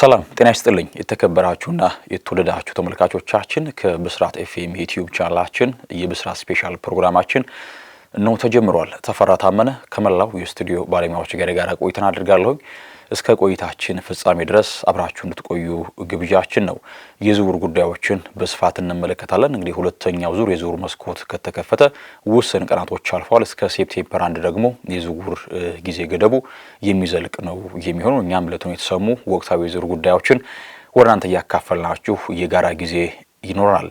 ሰላም ጤና ይስጥልኝ። የተከበራችሁና የተወደዳችሁ ተመልካቾቻችን ከብስራት ኤፍኤም ዩቲዩብ ቻናላችን የብስራት ስፔሻል ፕሮግራማችን ነው ተጀምሯል። ተፈራ ታመነ ከመላው የስቱዲዮ ባለሙያዎች ጋር ጋር ቆይተን አድርጋለሁ። እስከ ቆይታችን ፍጻሜ ድረስ አብራችሁ እንድትቆዩ ግብዣችን ነው። የዝውውር ጉዳዮችን በስፋት እንመለከታለን። እንግዲህ ሁለተኛው ዙር የዝውውር መስኮት ከተከፈተ ውስን ቀናቶች አልፈዋል። እስከ ሴፕቴምበር አንድ ደግሞ የዝውውር ጊዜ ገደቡ የሚዘልቅ ነው የሚሆነው። እኛም ለቱን የተሰሙ ወቅታዊ የዝውውር ጉዳዮችን ወደ እናንተ እያካፈልናችሁ የጋራ ጊዜ ይኖራል።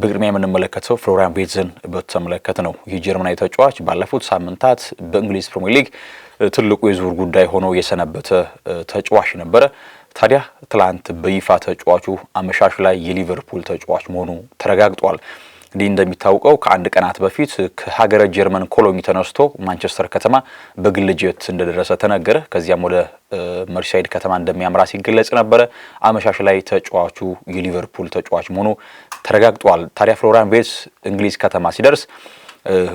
በቅድሚያ የምንመለከተው ፍሎሪያን ቤትዝን በተመለከት ነው። ይህ ጀርመናዊ ተጫዋች ባለፉት ሳምንታት በእንግሊዝ ፕሪምየር ሊግ ትልቁ የዝውውር ጉዳይ ሆኖ የሰነበተ ተጫዋች ነበረ። ታዲያ ትላንት በይፋ ተጫዋቹ አመሻሽ ላይ የሊቨርፑል ተጫዋች መሆኑ ተረጋግጧል። እንግዲህ እንደሚታወቀው ከአንድ ቀናት በፊት ከሀገረ ጀርመን ኮሎኝ ተነስቶ ማንቸስተር ከተማ በግል ጀት እንደደረሰ ተነገረ። ከዚያም ወደ መርሳይድ ከተማ እንደሚያምራ ሲገለጽ ነበረ። አመሻሽ ላይ ተጫዋቹ የሊቨርፑል ተጫዋች መሆኑ ተረጋግጧል። ታዲያ ፍሎሪያን ቬትስ እንግሊዝ ከተማ ሲደርስ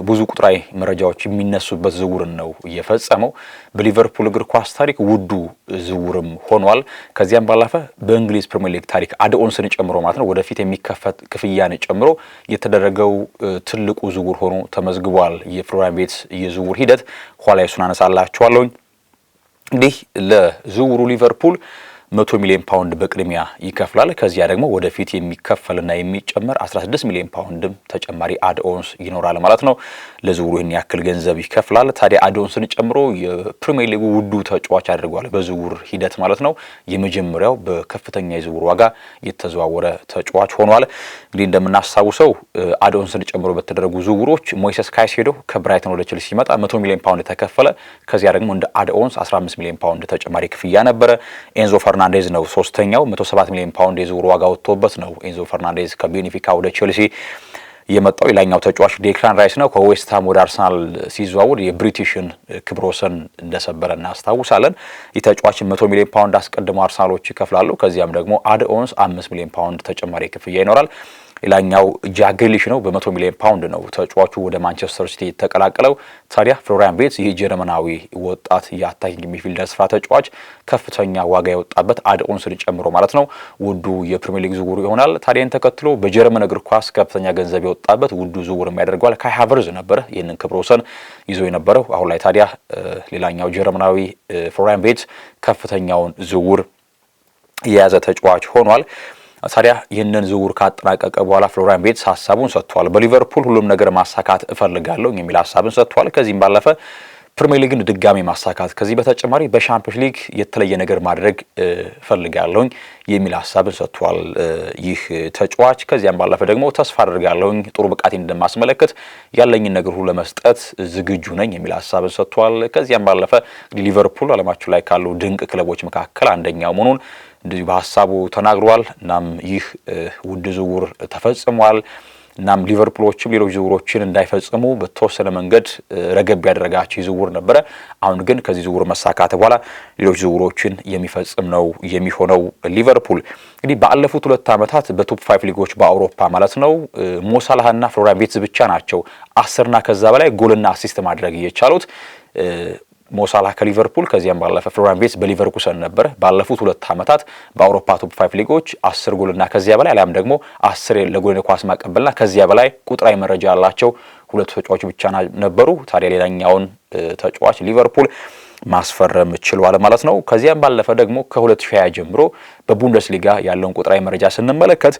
ብዙ ቁጥራዊ መረጃዎች የሚነሱበት ዝውውርን ነው እየፈጸመው። በሊቨርፑል እግር ኳስ ታሪክ ውዱ ዝውውርም ሆኗል። ከዚያም ባላፈ በእንግሊዝ ፕሪምየር ሊግ ታሪክ አድኦንስን ጨምሮ ማለት ነው ወደፊት የሚከፈት ክፍያን ጨምሮ የተደረገው ትልቁ ዝውውር ሆኖ ተመዝግቧል። የፍሎሪያን ቤትስ የዝውውር ሂደት ኋላ የሱን አነሳላችኋለሁኝ። እንዲህ ለዝውውሩ ሊቨርፑል መቶ ሚሊዮን ፓውንድ በቅድሚያ ይከፍላል። ከዚያ ደግሞ ወደፊት የሚከፈልና የሚጨመር 16 ሚሊዮን ፓውንድም ተጨማሪ አድኦንስ ይኖራል ማለት ነው። ለዝውውሩ ይህን ያክል ገንዘብ ይከፍላል። ታዲያ አድኦንስን ጨምሮ የፕሪሚየር ሊጉ ውዱ ተጫዋች አድርጓል፣ በዝውውር ሂደት ማለት ነው። የመጀመሪያው በከፍተኛ የዝውውር ዋጋ የተዘዋወረ ተጫዋች ሆኗል። እንግዲህ እንደምናስታውሰው አድኦንስን ጨምሮ በተደረጉ ዝውውሮች ሞይሰስ ካይሴዶ ከብራይተን ወደ ቼልሲ ሲመጣ 100 ሚሊዮን ፓውንድ ተከፈለ። ከዚያ ደግሞ እንደ አድኦንስ 15 ሚሊዮን ፓውንድ ተጨማሪ ክፍያ ነበረ። ኤንዞ ፈርናንዴዝ ነው ሶስተኛው። 107 ሚሊዮን ፓውንድ የዝውውር ዋጋ ወጥቶበት ነው ኤንዞ ፈርናንዴዝ ከቢኒፊካ ወደ ቼልሲ የመጣው ሌላኛው ተጫዋች ዴክላን ራይስ ነው። ከዌስትሃም ወደ አርሰናል ሲዘዋውር የብሪቲሽን ክብሮሰን ወሰን እንደሰበረ እናስታውሳለን። ይህ ተጫዋች መቶ ሚሊዮን ፓውንድ አስቀድሞ አርሰናሎች ይከፍላሉ። ከዚያም ደግሞ አድ ኦንስ አምስት ሚሊዮን ፓውንድ ተጨማሪ ክፍያ ይኖራል። ሌላኛው ጃግሊሽ ነው። በመቶ ሚሊዮን ፓውንድ ነው ተጫዋቹ ወደ ማንቸስተር ሲቲ የተቀላቀለው። ታዲያ ፍሎሪያን ቤትስ ይህ ጀርመናዊ ወጣት የአታኪንግ ሚድፊልደር ስፍራ ተጫዋች ከፍተኛ ዋጋ የወጣበት አድኦንስን ጨምሮ ማለት ነው ውዱ የፕሪሚየር ሊግ ዝውውሩ ይሆናል። ታዲያን ተከትሎ በጀርመን እግር ኳስ ከፍተኛ ገንዘብ የወጣበት ውዱ ዝውውር የሚያደርገዋል ካይ ሃቨርዝ ነበረ ይህንን ክብረ ወሰን ይዞ የነበረው። አሁን ላይ ታዲያ ሌላኛው ጀርመናዊ ፍሎሪያን ቤትስ ከፍተኛውን ዝውውር የያዘ ተጫዋች ሆኗል። ታዲያ ይህንን ዝውውር ካጠናቀቀ በኋላ ፍሎሪያን ቤትስ ሀሳቡን ሰጥቷል። በሊቨርፑል ሁሉም ነገር ማሳካት እፈልጋለሁ የሚል ሀሳብን ሰጥቷል። ከዚህም ባለፈ ፕሪሚየር ሊግን ድጋሚ ማሳካት ከዚህ በተጨማሪ በሻምፒዮንስ ሊግ የተለየ ነገር ማድረግ እፈልጋለሁኝ የሚል ሀሳብን ሰጥቷል። ይህ ተጫዋች ከዚያም ባለፈ ደግሞ ተስፋ አድርጋለሁኝ ጥሩ ብቃት እንደማስመለከት ያለኝን ነገር ሁሉ ለመስጠት ዝግጁ ነኝ የሚል ሀሳብን ሰጥቷል። ከዚያም ባለፈ ሊቨርፑል ዓለማችን ላይ ካሉ ድንቅ ክለቦች መካከል አንደኛው መሆኑን እንዲሁ በሀሳቡ ተናግሯል። እናም ይህ ውድ ዝውውር ተፈጽሟል። እናም ሊቨርፑሎችም ሌሎች ዝውውሮችን እንዳይፈጽሙ በተወሰነ መንገድ ረገብ ያደረጋቸው ዝውውር ነበረ። አሁን ግን ከዚህ ዝውውር መሳካት በኋላ ሌሎች ዝውውሮችን የሚፈጽም ነው የሚሆነው። ሊቨርፑል እንግዲህ ባለፉት ሁለት ዓመታት በቶፕ ፋይቭ ሊጎች በአውሮፓ ማለት ነው ሞሳላህና ፍሎሪያን ቪርትዝ ብቻ ናቸው አስርና ከዛ በላይ ጎልና አሲስት ማድረግ እየቻሉት ሞሳላህ ከሊቨርፑል ከዚያም ባለፈ ፍሎሪያን ቪርትዝ በሊቨርኩሰን ነበር። ባለፉት ሁለት ዓመታት በአውሮፓ ቶፕ ፋይቭ ሊጎች አስር ጎልና ከዚያ በላይ አሊያም ደግሞ አስር ለጎል ኳስ ማቀበልና ከዚያ በላይ ቁጥራዊ መረጃ ያላቸው ሁለቱ ተጫዋች ብቻ ነበሩ። ታዲያ ሌላኛውን ተጫዋች ሊቨርፑል ማስፈረም ችሏል ማለት ነው። ከዚያም ባለፈ ደግሞ ከ2020 ጀምሮ በቡንደስሊጋ ያለውን ቁጥራዊ መረጃ ስንመለከት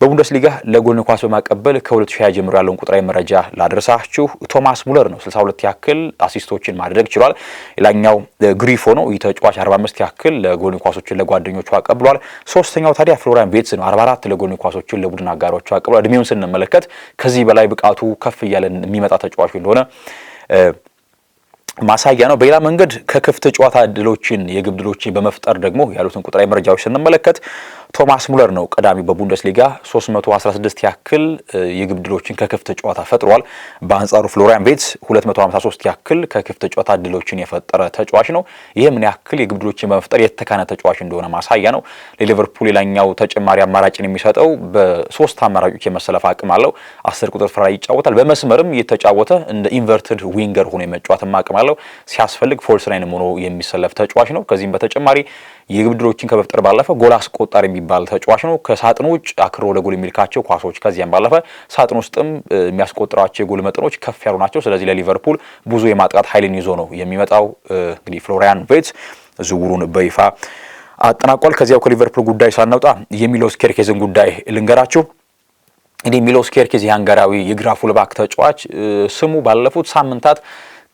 በቡንደስሊጋ ለጎል ኳስ በማቀበል ከ2020 ጀምሮ ያለውን ቁጥራዊ መረጃ ላደረሳችሁ ቶማስ ሙለር ነው። 62 ያክል አሲስቶችን ማድረግ ችሏል። ሌላኛው ግሪፎ ነው። ይህ ተጫዋች 45 ያክል ለጎል ኳሶችን ለጓደኞቹ አቀብሏል። ሶስተኛው ታዲያ ፍሎሪያን ቤትስ ነው። 44 ለጎል ኳሶችን ለቡድን አጋሮቹ አቀብሏል። እድሜውን ስንመለከት ከዚህ በላይ ብቃቱ ከፍ እያለን የሚመጣ ተጫዋች እንደሆነ ማሳያ ነው። በሌላ መንገድ ከክፍት ጨዋታ ድሎችን የግብ ድሎችን በመፍጠር ደግሞ ያሉትን ቁጥራዊ መረጃዎች ስንመለከት ቶማስ ሙለር ነው ቀዳሚ በቡንደስሊጋ 316 ያክል የግብ ድሎችን ከክፍት ጨዋታ ፈጥሯል። በአንጻሩ ፍሎሪያን ቬትስ 253 ያክል ከክፍት ጨዋታ ድሎችን የፈጠረ ተጫዋች ነው። ይህ ምን ያክል የግብ ድሎችን በመፍጠር የተካነ ተጫዋች እንደሆነ ማሳያ ነው። ለሊቨርፑል ሌላኛው ተጨማሪ አማራጭን የሚሰጠው በሶስት አማራጮች የመሰለፍ አቅም አለው። አስር ቁጥር ፍራ ይጫወታል። በመስመርም የተጫወተ እንደ ኢንቨርትድ ዊንገር ሆኖ የመጫወትም አቅም አለው። ሲያስፈልግ ፎልስ ናይን ሆኖ የሚሰለፍ ተጫዋች ነው። ከዚህም በተጨማሪ የግብ ዕድሎችን ከመፍጠር ባለፈ ጎል አስቆጣሪ የሚባል ተጫዋች ነው። ከሳጥን ውጭ አክሮ ወደ ጎል የሚልካቸው ኳሶች፣ ከዚያም ባለፈ ሳጥን ውስጥም የሚያስቆጥራቸው የጎል መጠኖች ከፍ ያሉ ናቸው። ስለዚህ ለሊቨርፑል ብዙ የማጥቃት ኃይልን ይዞ ነው የሚመጣው። እንግዲህ ፍሎሪያን ቬትስ ዝውውሩን በይፋ አጠናቋል። ከዚያው ከሊቨርፑል ጉዳይ ሳናውጣ የሚሎስ ኬርኬዝን ጉዳይ ልንገራችሁ። እንግዲህ ሚሎስ ኬርኬዝ የሃንጋራዊ የግራ ፉልባክ ተጫዋች ስሙ ባለፉት ሳምንታት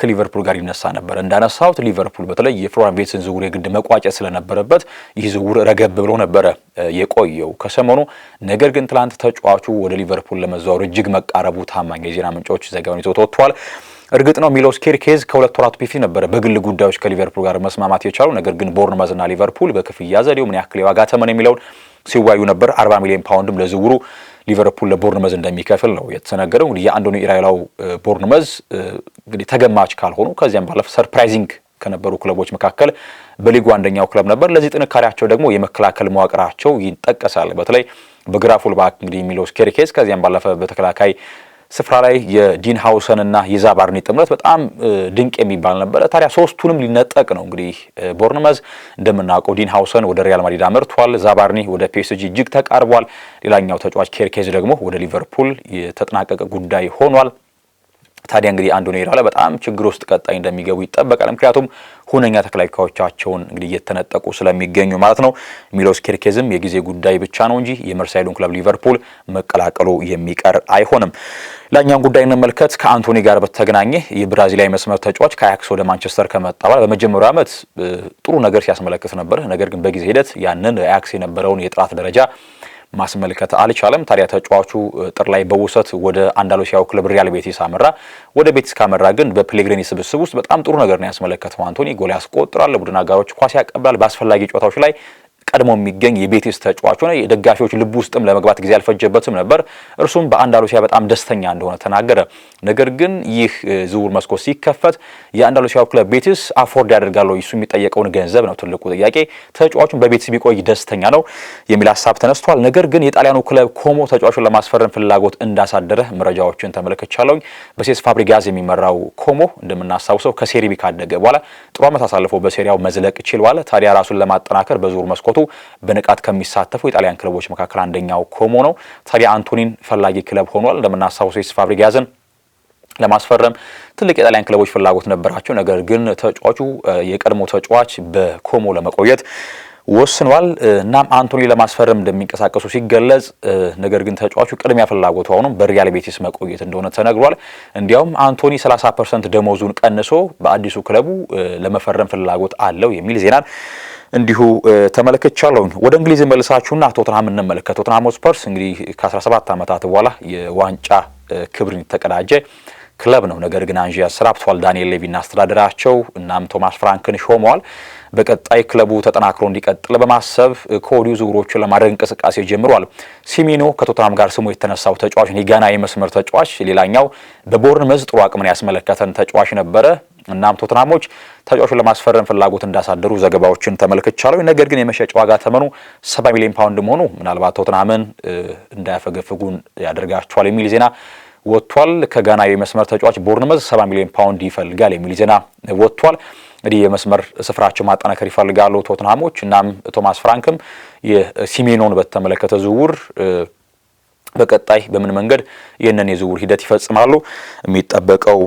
ከሊቨርፑል ጋር ይነሳ ነበር። እንዳነሳሁት ሊቨርፑል በተለይ የፍሎሪያን ቪርትዝን ዝውውር የግድ መቋጨት ስለነበረበት ይህ ዝውውር ረገብ ብሎ ነበረ የቆየው ከሰሞኑ። ነገር ግን ትላንት ተጫዋቹ ወደ ሊቨርፑል ለመዘዋወር እጅግ መቃረቡ ታማኝ የዜና ምንጮች ዘገባውን ይዘው ተወጥቷል። እርግጥ ነው ሚሎስ ኬርኬዝ ከሁለት ወራት በፊት ነበረ በግል ጉዳዮች ከሊቨርፑል ጋር መስማማት የቻሉ ነገር ግን ቦርንማዝና ሊቨርፑል በክፍያ ዘዴው ምን ያክል የዋጋ ተመን የሚለውን ሲወያዩ ነበር። 40 ሚሊዮን ፓውንድም ለዝውሩ ሊቨርፑል ለቦርንመዝ እንደሚከፍል ነው የተነገረው። እንግዲህ የአንዶኒ ኢራይላው ቦርንመዝ እንግዲህ ተገማች ካልሆኑ ከዚያም ባለፈ ሰርፕራይዚንግ ከነበሩ ክለቦች መካከል በሊጉ አንደኛው ክለብ ነበር። ለዚህ ጥንካሬያቸው ደግሞ የመከላከል መዋቅራቸው ይጠቀሳል። በተለይ በግራ ፉልባክ እንግዲህ ሚሎስ ኬርኬዝ ከዚያም ባለፈ በተከላካይ ስፍራ ላይ የዲን ሀውሰንና የዛባርኒ ጥምረት በጣም ድንቅ የሚባል ነበረ። ታዲያ ሶስቱንም ሊነጠቅ ነው እንግዲህ ቦርንመዝ። እንደምናውቀው ዲን ሀውሰን ወደ ሪያል ማድሪድ አምርቷል። ዛባርኒ ወደ ፒኤስጂ እጅግ ተቃርቧል። ሌላኛው ተጫዋች ኬርኬዝ ደግሞ ወደ ሊቨርፑል የተጠናቀቀ ጉዳይ ሆኗል። ታዲያ እንግዲህ አንዱ ኔራ ላይ በጣም ችግር ውስጥ ቀጣይ እንደሚገቡ ይጠበቃል። ምክንያቱም ሁነኛ ተከላካዮቻቸውን እንግዲህ እየተነጠቁ ስለሚገኙ ማለት ነው። ሚሎስ ኬርኬዝም የጊዜ ጉዳይ ብቻ ነው እንጂ የመርሳይሉን ክለብ ሊቨርፑል መቀላቀሉ የሚቀር አይሆንም። ሌላኛውን ጉዳይ እንመልከት። ከአንቶኒ ጋር በተገናኘ የብራዚላዊ መስመር ተጫዋች ከአያክስ ወደ ማንቸስተር ከመጣ በኋላ በመጀመሪያው ዓመት ጥሩ ነገር ሲያስመለክት ነበር። ነገር ግን በጊዜ ሂደት ያንን አያክስ የነበረውን የጥራት ደረጃ ማስመልከት አልቻለም። ታዲያ ተጫዋቹ ጥር ላይ በውሰት ወደ አንዳሎሲያው ክለብ ሪያል ቤቲስ አመራ። ወደ ቤቲስ ካመራ ግን በፔሌግሪኒ ስብስብ ውስጥ በጣም ጥሩ ነገር ነው ያስመለከተው። አንቶኒ ጎል ያስቆጥራል፣ ለቡድን አጋሮች ኳስ ያቀብላል፣ በአስፈላጊ ጨዋታዎች ላይ ቀድሞ የሚገኝ የቤቲስ ተጫዋች ሆነ። የደጋፊዎች ልብ ውስጥም ለመግባት ጊዜ አልፈጀበትም ነበር። እርሱም በአንዳሉሲያ በጣም ደስተኛ እንደሆነ ተናገረ። ነገር ግን ይህ ዝውውር መስኮት ሲከፈት የአንዳሉሲያው ክለብ ቤቲስ አፎርድ ያደርጋል እሱ የሚጠየቀውን ገንዘብ ነው ትልቁ ጥያቄ። ተጫዋቹን በቤቲስ ቢቆይ ደስተኛ ነው የሚል ሀሳብ ተነስቷል። ነገር ግን የጣሊያኑ ክለብ ኮሞ ተጫዋቹን ለማስፈረም ፍላጎት እንዳሳደረ መረጃዎችን ተመልክቻለሁ። በሴስ ፋብሪጋዝ የሚመራው ኮሞ እንደምናስታውሰው ከሴሪቢ ካደገ በኋላ ጥሩ ዓመት አሳልፎ በሴሪያው መዝለቅ ችሏል። ታዲያ ራሱን ለማጠናከር በዝውውር መስኮቱ በንቃት ከሚሳተፉ የጣሊያን ክለቦች መካከል አንደኛው ኮሞ ነው። ታዲያ አንቶኒን ፈላጊ ክለብ ሆኗል። እንደምናስታውሰው ሴስ ለማስፈረም ትልቅ የጣሊያን ክለቦች ፍላጎት ነበራቸው። ነገር ግን ተጫዋቹ የቀድሞ ተጫዋች በኮሞ ለመቆየት ወስኗል። እናም አንቶኒ ለማስፈረም እንደሚንቀሳቀሱ ሲገለጽ፣ ነገር ግን ተጫዋቹ ቅድሚያ ፍላጎቱ አሁኑም በሪያል ቤቲስ መቆየት እንደሆነ ተነግሯል። እንዲያውም አንቶኒ 30 ፐርሰንት ደሞዙን ቀንሶ በአዲሱ ክለቡ ለመፈረም ፍላጎት አለው የሚል ዜናን እንዲሁ ተመለከቻለሁኝ። ወደ እንግሊዝ መልሳችሁና ቶትናም እንመለከት። ቶትናም ሆትስፐርስ እንግዲህ ከ17 ዓመታት በኋላ የዋንጫ ክብርን ተቀዳጀ ክለብ ነው። ነገር ግን አንዥ ያሰናብቷል። ዳንኤል ሌቪና አስተዳደራቸው እናም ቶማስ ፍራንክን ሾመዋል። በቀጣይ ክለቡ ተጠናክሮ እንዲቀጥል በማሰብ ከወዲሁ ዝውውሮችን ለማድረግ እንቅስቃሴ ጀምሯል። ሲሚኖ ከቶትናም ጋር ስሙ የተነሳው ተጫዋች ኒጋና የመስመር ተጫዋች ሌላኛው በቦርን መዝ ጥሩ አቅምን ያስመለከተን ተጫዋች ነበረ። እናም ቶትናሞች ተጫዋቹን ለማስፈረም ፍላጎት እንዳሳደሩ ዘገባዎችን ተመልክቻለሁ። ነገር ግን የመሸጫ ዋጋ ተመኑ ሰባ ሚሊዮን ፓውንድ መሆኑ ምናልባት ቶትናምን እንዳያፈገፍጉን ያደርጋቸዋል የሚል ዜና ወጥቷል። ከጋና የመስመር ተጫዋች ቦርንመዝ ሰባ ሚሊዮን ፓውንድ ይፈልጋል የሚል ዜና ወጥቷል። እንግዲህ የመስመር ስፍራቸው ማጠናከር ይፈልጋሉ ቶትናሞች። እናም ቶማስ ፍራንክም የሲሜኖን በተመለከተ ዝውውር በቀጣይ በምን መንገድ ይህንን የዝውውር ሂደት ይፈጽማሉ የሚጠበቀው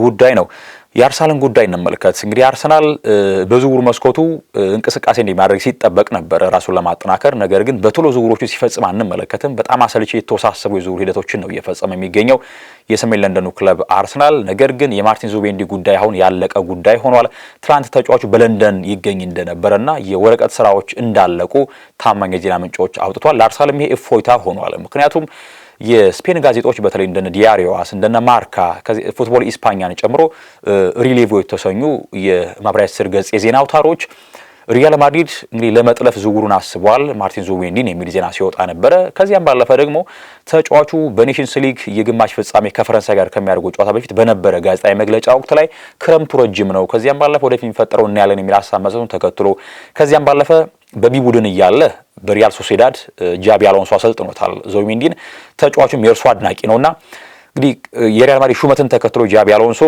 ጉዳይ ነው። የአርሰናልን ጉዳይ እንመልከት። እንግዲህ አርሰናል በዝውውር መስኮቱ እንቅስቃሴ እንዲማድረግ ሲጠበቅ ነበረ ራሱን ለማጠናከር። ነገር ግን በቶሎ ዝውውሮቹ ሲፈጽም አንመለከትም። በጣም አሰልቺ የተወሳሰቡ የዝውውር ሂደቶችን ነው እየፈጸመ የሚገኘው የሰሜን ለንደኑ ክለብ አርሰናል። ነገር ግን የማርቲን ዙቤንዲ ጉዳይ አሁን ያለቀ ጉዳይ ሆኗል። ትናንት ተጫዋቹ በለንደን ይገኝ እንደነበረና የወረቀት ስራዎች እንዳለቁ ታማኝ የዜና ምንጮች አውጥቷል። ለአርሰናልም ይሄ እፎይታ ሆኗል። ምክንያቱም የስፔን ጋዜጦች በተለይ እንደነ ዲያሪዋስ እንደነ ማርካ ፉትቦል ኢስፓኛን ጨምሮ ሪሌቮ የተሰኙ የማብራሪያ ስር ገጽ የዜና አውታሮች ሪያል ማድሪድ እንግዲህ ለመጥለፍ ዝውውሩን አስቧል ማርቲን ዙቢሜንዲን የሚል ዜና ሲወጣ ነበረ። ከዚያም ባለፈ ደግሞ ተጫዋቹ በኔሽንስ ሊግ የግማሽ ፍጻሜ ከፈረንሳይ ጋር ከሚያደርገው ጨዋታ በፊት በነበረ ጋዜጣዊ መግለጫ ወቅት ላይ ክረምቱ ረጅም ነው፣ ከዚያም ባለፈ ወደፊት የሚፈጠረው እናያለን የሚል ሀሳብ መሰቱን ተከትሎ ከዚያም ባለፈ በቢ ቡድን እያለ በሪያል ሶሴዳድ ጃቢ አሎንሶ አሰልጥኖታል ዙቢሜንዲን። ተጫዋቹም የእርሱ አድናቂ ነውና እንግዲህ የሪያል ማድሪድ ሹመትን ተከትሎ ጃቢ አሎንሶ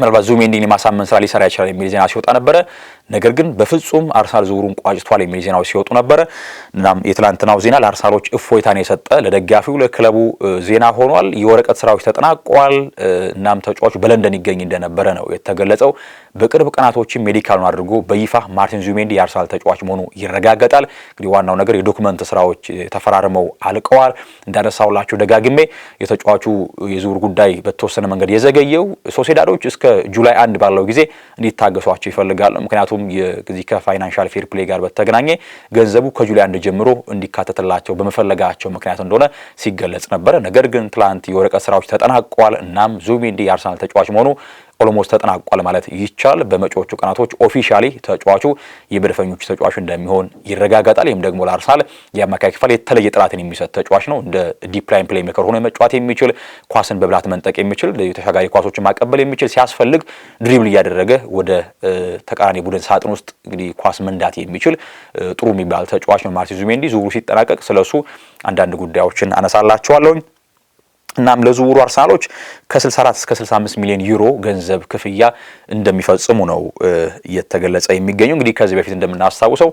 ምናልባት ዙቢሜንዲን የማሳመን ስራ ሊሰራ ይችላል የሚል ዜና ሲወጣ ነበረ። ነገር ግን በፍጹም አርሰናል ዝውውሩን ቋጭቷል የሚል ዜናዎች ሲወጡ ነበረ። እናም የትላንትናው ዜና ለአርሰናሎች እፎይታን የሰጠ ለደጋፊው ለክለቡ ዜና ሆኗል። የወረቀት ስራዎች ተጠናቋል። እናም ተጫዋቹ በለንደን ይገኝ እንደነበረ ነው የተገለጸው። በቅርብ ቀናቶችም ሜዲካሉን አድርጎ በይፋ ማርቲን ዙሜንዲ የአርሰናል ተጫዋች መሆኑ ይረጋገጣል። እንግዲህ ዋናው ነገር የዶክመንት ስራዎች ተፈራርመው አልቀዋል። እንዳነሳውላቸው ደጋግሜ የተጫዋቹ የዝውውር ጉዳይ በተወሰነ መንገድ የዘገየው ሶሴዳዶች እስከ ጁላይ አንድ ባለው ጊዜ እንዲታገሷቸው ይፈልጋሉ። ምክንያቱም ከዚህ ከፋይናንሻል ፌር ፕሌይ ጋር በተገናኘ ገንዘቡ ከጁላይ አንድ ጀምሮ እንዲካተትላቸው በመፈለጋቸው ምክንያት እንደሆነ ሲገለጽ ነበረ። ነገር ግን ትላንት የወረቀት ስራዎች ተጠናቀዋል። እናም ዙሜንዲ የአርሰናል ተጫዋች መሆኑ ኦልሞስት ተጠናቋል ማለት ይቻል። በመጪዎቹ ቀናቶች ኦፊሻሊ ተጫዋቹ የመድፈኞቹ ተጫዋች እንደሚሆን ይረጋገጣል። ይህም ደግሞ ለአርሰናል የአማካይ ክፍል የተለየ ጥራትን የሚሰጥ ተጫዋች ነው። እንደ ዲፕላይን ፕሌይ ሜከር ሆኖ መጫወት የሚችል ኳስን በብላት መንጠቅ የሚችል ተሻጋሪ ኳሶችን ማቀበል የሚችል ሲያስፈልግ ድሪብል እያደረገ ወደ ተቃራኒ ቡድን ሳጥን ውስጥ እንግዲህ ኳስ መንዳት የሚችል ጥሩ የሚባል ተጫዋች ነው ማርቲን ዙቢሜንዲ። ዝውውሩ ሲጠናቀቅ ስለሱ አንዳንድ ጉዳዮችን አነሳላችኋለሁኝ። እናም ለዝውውሩ አርሰናሎች ከ64 እስከ 65 ሚሊዮን ዩሮ ገንዘብ ክፍያ እንደሚፈጽሙ ነው እየተገለጸ የሚገኘው። እንግዲህ ከዚህ በፊት እንደምናስታውሰው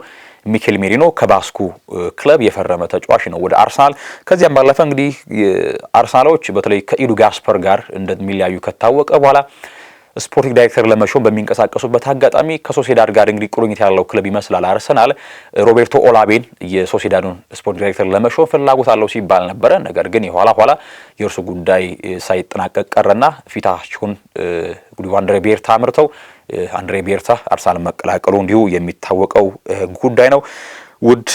ሚኬል ሜሪኖ ከባስኩ ክለብ የፈረመ ተጫዋች ነው ወደ አርሰናል። ከዚያም ባለፈ እንግዲህ አርሰናሎች በተለይ ከኢዱ ጋስፐር ጋር እንደሚለያዩ ከታወቀ በኋላ ስፖርቲንግ ዳይሬክተር ለመሾም በሚንቀሳቀሱበት አጋጣሚ ከሶሴዳድ ጋር እንግዲህ ቁርኝት ያለው ክለብ ይመስላል አርሰናል። ሮቤርቶ ኦላቤን የሶሴዳዱን ስፖርቲንግ ዳይሬክተር ለመሾም ፍላጎት አለው ሲባል ነበረ። ነገር ግን የኋላ ኋላ የእርሱ ጉዳይ ሳይጠናቀቅ ቀረና ፊታችሁን አንድሬ ቤርታ አምርተው አንድሬ ቤርታ አርሰናልን መቀላቀሉ እንዲሁ የሚታወቀው ጉዳይ ነው። ውድ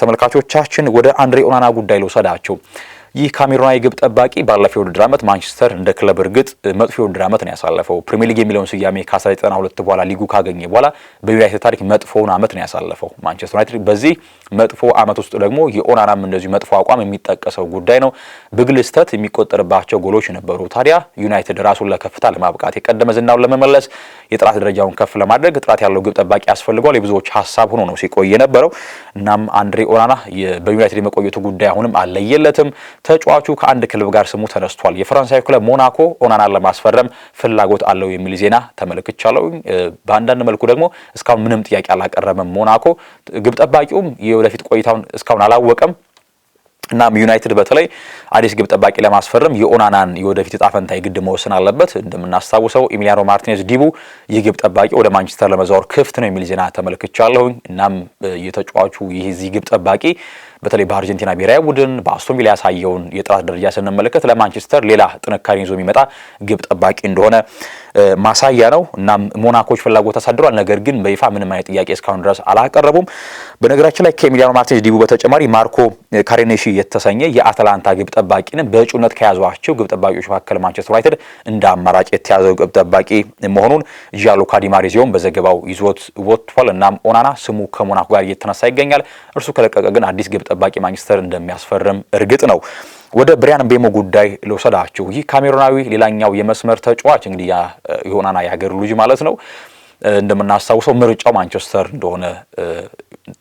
ተመልካቾቻችን ወደ አንድሬ ኦናና ጉዳይ ልውሰዳቸው። ይህ ካሜሩናዊ ግብ ጠባቂ ባለፈው የውድድር ዓመት ማንቸስተር እንደ ክለብ እርግጥ መጥፎ የውድድር ዓመት ነው ያሳለፈው። ፕሪሚየር ሊግ የሚለውን ስያሜ ከ1992 በኋላ ሊጉ ካገኘ በኋላ በዩናይትድ ታሪክ መጥፎውን ዓመት ነው ያሳለፈው ማንቸስተር ዩናይትድ። በዚህ መጥፎ ዓመት ውስጥ ደግሞ የኦናናም እንደዚሁ መጥፎ አቋም የሚጠቀሰው ጉዳይ ነው። ብግል ስህተት የሚቆጠርባቸው ጎሎች ነበሩ። ታዲያ ዩናይትድ ራሱን ለከፍታ ለማብቃት የቀደመ ዝናውን ለመመለስ የጥራት ደረጃውን ከፍ ለማድረግ ጥራት ያለው ግብ ጠባቂ ያስፈልገዋል የብዙዎች ሀሳብ ሆኖ ነው ሲቆይ የነበረው። እናም አንድሬ ኦናና በዩናይትድ የመቆየቱ ጉዳይ አሁንም አለየለትም። ተጫዋቹ ከአንድ ክለብ ጋር ስሙ ተነስቷል። የፈረንሳይ ክለብ ሞናኮ ኦናናን ለማስፈረም ፍላጎት አለው የሚል ዜና ተመልክቻለሁ። በአንዳንድ መልኩ ደግሞ እስካሁን ምንም ጥያቄ አላቀረበም ሞናኮ። ግብ ጠባቂውም የወደፊት ቆይታውን እስካሁን አላወቀም። እናም ዩናይትድ በተለይ አዲስ ግብ ጠባቂ ለማስፈረም የኦናናን የወደፊት እጣ ፈንታ የግድ መወሰን አለበት። እንደምናስታውሰው ኢሚሊያኖ ማርቲኔዝ ዲቡ ይህ ግብ ጠባቂ ወደ ማንቸስተር ለመዛወር ክፍት ነው የሚል ዜና ተመልክቻለሁኝ። እናም የተጫዋቹ ይህ ግብ ጠባቂ በተለይ በአርጀንቲና ብሔራዊ ቡድን በአስቶን ቪላ ያሳየውን የጥራት ደረጃ ስንመለከት ለማንቸስተር ሌላ ጥንካሬ ይዞ የሚመጣ ግብ ጠባቂ እንደሆነ ማሳያ ነው። እናም ሞናኮች ፍላጎት አሳድሯል። ነገር ግን በይፋ ምንም አይነት ጥያቄ እስካሁን ድረስ አላቀረቡም። በነገራችን ላይ ከኤሚሊያኖ ማርቲኔዝ ዲቡ በተጨማሪ ማርኮ ካሬኔሺ የተሰኘ የአትላንታ ግብ ጠባቂንም በእጩነት ከያዟቸው ግብ ጠባቂዎች መካከል ማንቸስተር ዩናይትድ እንደ አማራጭ የተያዘው ግብ ጠባቂ መሆኑን ጂያሉካ ዲ ማርዚዮን በዘገባው ይዞት ወጥቷል። እናም ኦናና ስሙ ከሞናኮ ጋር እየተነሳ ይገኛል። እርሱ ከለቀቀ ግን አዲስ ግብ ጠባቂ ማንቸስተር እንደሚያስፈርም እርግጥ ነው። ወደ ብሪያን ቤሞ ጉዳይ ልውሰዳችሁ። ይህ ካሜሮናዊ ሌላኛው የመስመር ተጫዋች እንግዲህ የሆናና የሀገር ልጅ ማለት ነው። እንደምናስታውሰው ምርጫው ማንቸስተር እንደሆነ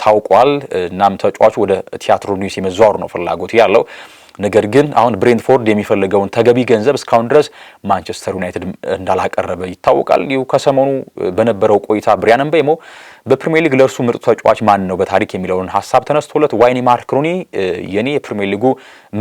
ታውቋል። እናም ተጫዋቹ ወደ ቲያትሮ ኒውስ የመዘዋወር ነው ፍላጎት ያለው ነገር ግን አሁን ብሬንትፎርድ የሚፈልገውን ተገቢ ገንዘብ እስካሁን ድረስ ማንቸስተር ዩናይትድ እንዳላቀረበ ይታወቃል። ይሁ ከሰሞኑ በነበረው ቆይታ ብሪያን ምቤሞ በፕሪሚየር ሊግ ለእርሱ ምርጡ ተጫዋች ማን ነው በታሪክ የሚለውን ሀሳብ ተነስቶለት ዋይኒ ማርክ ሩኒ የኔ የፕሪሚየር ሊጉ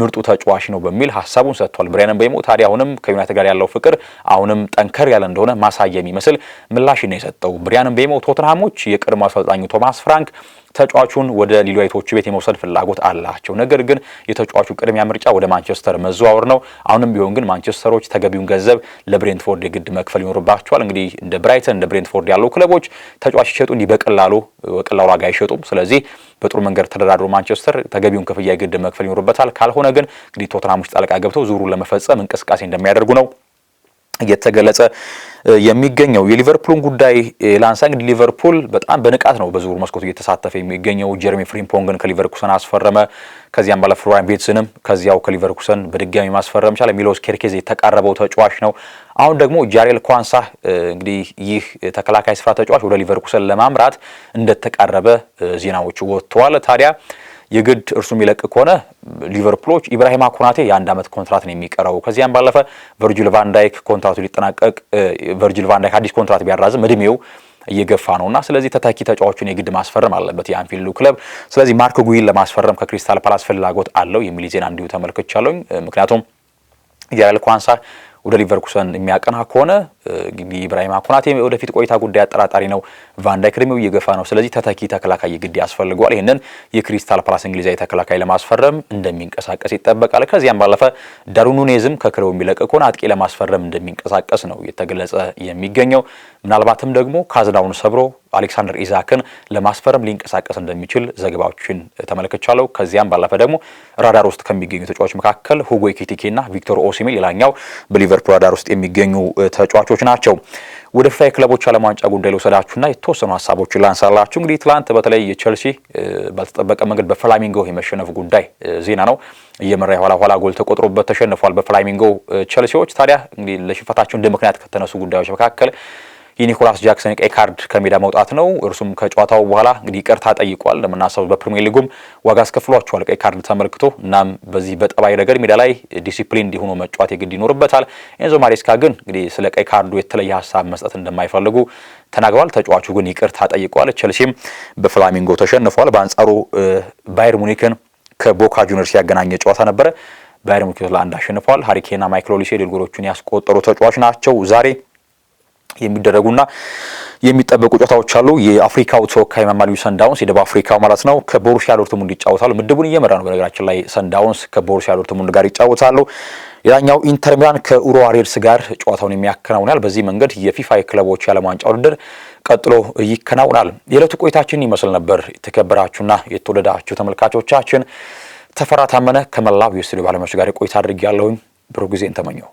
ምርጡ ተጫዋች ነው በሚል ሀሳቡን ሰጥቷል። ብሪያን ምቤሞ ታዲያ አሁንም ከዩናይትድ ጋር ያለው ፍቅር አሁንም ጠንከር ያለ እንደሆነ ማሳያ የሚመስል ምላሽ ነው የሰጠው። ብሪያን ምቤሞ ቶትንሃሞች የቀድሞ አሰልጣኙ ቶማስ ፍራንክ ተጫዋቹን ወደ ሊሉዋይቶቹ ቤት የመውሰድ ፍላጎት አላቸው። ነገር ግን የተጫዋቹ ቅድሚያ ምርጫ ወደ ማንቸስተር መዘዋወር ነው። አሁንም ቢሆን ግን ማንቸስተሮች ተገቢውን ገንዘብ ለብሬንትፎርድ የግድ መክፈል ይኖርባቸዋል። እንግዲህ እንደ ብራይተን እንደ ብሬንትፎርድ ያሉ ክለቦች ተጫዋች ሲሸጡ እንዲህ በቀላሉ በቀላሉ ዋጋ አይሸጡም። ስለዚህ በጥሩ መንገድ ተደራድሮ ማንቸስተር ተገቢውን ክፍያ የግድ መክፈል ይኖርበታል። ካልሆነ ግን እንግዲህ ቶተናሞች ጣልቃ ገብተው ዙሩን ለመፈጸም እንቅስቃሴ እንደሚያደርጉ ነው እየተገለጸ የሚገኘው የሊቨርፑልን ጉዳይ ላንሳ። እንግዲህ ሊቨርፑል በጣም በንቃት ነው በዝውውር መስኮቱ እየተሳተፈ የሚገኘው። ጀርሚ ፍሪምፖንግን ከሊቨርኩሰን አስፈረመ። ከዚያም ባለ ራያን ቤትስንም ከዚያው ከሊቨርኩሰን በድጋሚ ማስፈረም ቻለ። ሚሎስ ኬርኬዝ የተቃረበው ተጫዋች ነው። አሁን ደግሞ ጃሬል ኳንሳ እንግዲህ ይህ ተከላካይ ስፍራ ተጫዋች ወደ ሊቨርኩሰን ለማምራት እንደተቃረበ ዜናዎች ወጥተዋል። ታዲያ የግድ እርሱ የሚለቅ ከሆነ ሊቨርፑሎች ኢብራሂማ ኮናቴ የአንድ ዓመት ኮንትራት ነው የሚቀረው። ከዚያም ባለፈ ቨርጅል ቫንዳይክ ኮንትራቱ ሊጠናቀቅ ቨርጅል ቫንዳይክ አዲስ ኮንትራት ቢያራዝም እድሜው እየገፋ ነው እና ስለዚህ ተተኪ ተጫዋቹን የግድ ማስፈረም አለበት የአንፊልዱ ክለብ። ስለዚህ ማርክ ጉይን ለማስፈረም ከክሪስታል ፓላስ ፍላጎት አለው የሚል ዜና እንዲሁ ተመልክቻለሁኝ። ምክንያቱም ያል ኳንሳ ወደ ሊቨርኩሰን የሚያቀና ከሆነ እንግዲህ ኢብራሂማ ኮናቴ ወደፊት ቆይታ ጉዳይ አጠራጣሪ ነው። ቫንዳይክ ዕድሜው እየገፋ ነው። ስለዚህ ተተኪ ተከላካይ ግድ ያስፈልገዋል። ይህንን የክሪስታል ፓላስ እንግሊዛዊ ተከላካይ ለማስፈረም እንደሚንቀሳቀስ ይጠበቃል። ከዚያም ባለፈ ዳርዊን ኑኔዝም ከክለቡ የሚለቅ ከሆነ አጥቂ ለማስፈረም እንደሚንቀሳቀስ ነው እየተገለጸ የሚገኘው። ምናልባትም ደግሞ ካዝናውን ሰብሮ አሌክሳንደር ኢዛክን ለማስፈረም ሊንቀሳቀስ እንደሚችል ዘገባዎችን ተመልክቻለሁ። ከዚያም ባለፈ ደግሞ ራዳር ውስጥ ከሚገኙ ተጫዋቾች መካከል ሁጎ ኤኪቲኬና ቪክቶር ኦሲሜን ሌላኛው በሊቨርፑል ራዳር ውስጥ የሚገኙ ተጫዋቾች ክለቦች ናቸው። ወደ ፍራይ ክለቦች ዓለም ዋንጫ ጉዳይ ልውሰዳችሁና የተወሰኑ ሀሳቦችን ላንሳላችሁ። እንግዲህ ትላንት በተለይ የቸልሲ ባልተጠበቀ መንገድ በፍላሚንጎ የመሸነፍ ጉዳይ ዜና ነው። እየመራ የኋላ ኋላ ጎል ተቆጥሮበት ተሸንፏል በፍላሚንጎ ቸልሲዎች። ታዲያ እንግዲህ ለሽንፈታቸው እንደ ምክንያት ከተነሱ ጉዳዮች መካከል የኒኮላስ ጃክሰን ቀይ ካርድ ከሜዳ መውጣት ነው። እርሱም ከጨዋታው በኋላ እንግዲህ ይቅርታ ጠይቋል። ለምናሰቡ በፕሪሚየር ሊጉም ዋጋ አስከፍሏቸዋል ቀይ ካርድ ተመልክቶ። እናም በዚህ በጠባይ ረገድ ሜዳ ላይ ዲሲፕሊን እንዲሆኑ መጫወት የግድ ይኖርበታል። ኤንዞ ማሬስካ ግን እንግዲህ ስለ ቀይ ካርዱ የተለየ ሀሳብ መስጠት እንደማይፈልጉ ተናግሯል። ተጫዋቹ ግን ይቅርታ ጠይቋል። ቸልሲም በፍላሚንጎ ተሸንፏል። በአንጻሩ ባየር ሙኒክን ከቦካ ጁኒየርስ ሲያገናኘ ጨዋታ ነበረ። ባየር ሙኒክ ለአንድ አሸንፏል። ሀሪኬና ማይክል ኦሊሴ ድል ያስቆጠሩ ተጫዋች ናቸው ዛሬ የሚደረጉና የሚጠበቁ ጨዋታዎች አሉ። የአፍሪካው ተወካይ ማማልዩ ሰንዳውንስ የደቡብ አፍሪካው ማለት ነው ከቦሩሲያ ዶርትሙንድ ይጫወታሉ። ምድቡን እየመራ ነው በነገራችን ላይ ሰንዳውንስ ከቦሩሲያ ዶርትሙንድ ጋር ይጫወታሉ። ሌላኛው ኢንተር ሚላን ከኡሮ ሬድስ ጋር ጨዋታውን የሚያከናውናል። በዚህ መንገድ የፊፋ የክለቦች የዓለም ዋንጫ ውድድር ቀጥሎ ይከናውናል። የዕለቱ ቆይታችን ይመስል ነበር። የተከበራችሁና የተወደዳችሁ ተመልካቾቻችን ተፈራ ታመነ ከመላው የስቱዲዮ ባለሙያዎች ጋር ቆይታ አድርጌ ያለሁኝ ብሩህ ጊዜን ተመኘው።